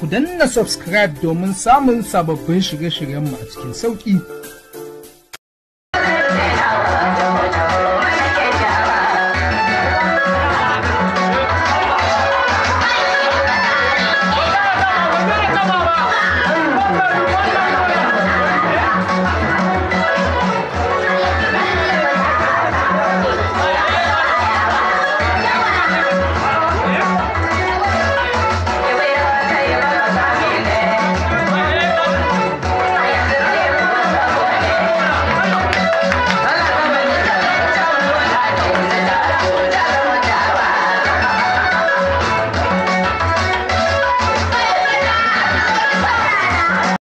ku danna subscribe domin samun sababbin shirye shiryen mu a cikin sauƙi.